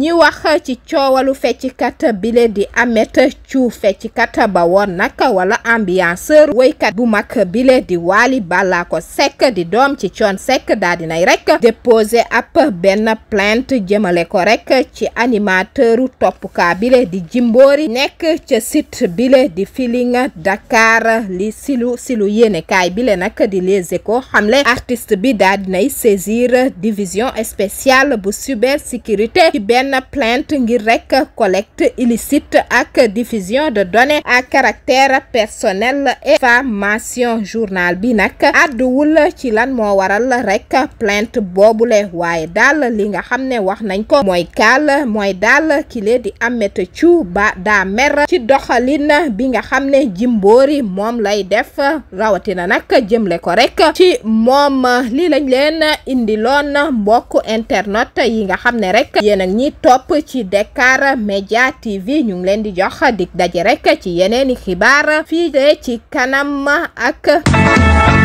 ñi wax ci coowalu fecckat bile di Ameth Thiou fecckat ba woon nag wala ambianceur woykat bu mag bile di Wally ko Seck di doom ci Thione Seck daa dinay rekk déposé ab benn plaint jëmale ko rek ci animateuru toppkaa bile di Jimbori nekk ca sit bile di Feeling Dakar li silu silu yéenekaay bile nag di Les Échos xamle artiste bi daa dinay saisir division spéciale bu cybersécurité ci benn na plainte ngir rek collecte illicite ak diffusion de données à caractère personnel et diffamation journal bi nag àdduwul ci lan moo waral rek plainte boobule waaye daal li nga xam ne wax nañ ko mooy kaal mooy daal kile di amet Thiou ba daa mer ci doxalin bi nga xam ne Jimbori moom lay def rawatina nag jëmle ko rek ci moom li lañ leen indi loon mbokk internet yi nga xam ne rek yéen ak topp ci Dakar Media TV ñu ngi leen di jox dig daje rek ci yeneen xibaar fii de ci kanam ak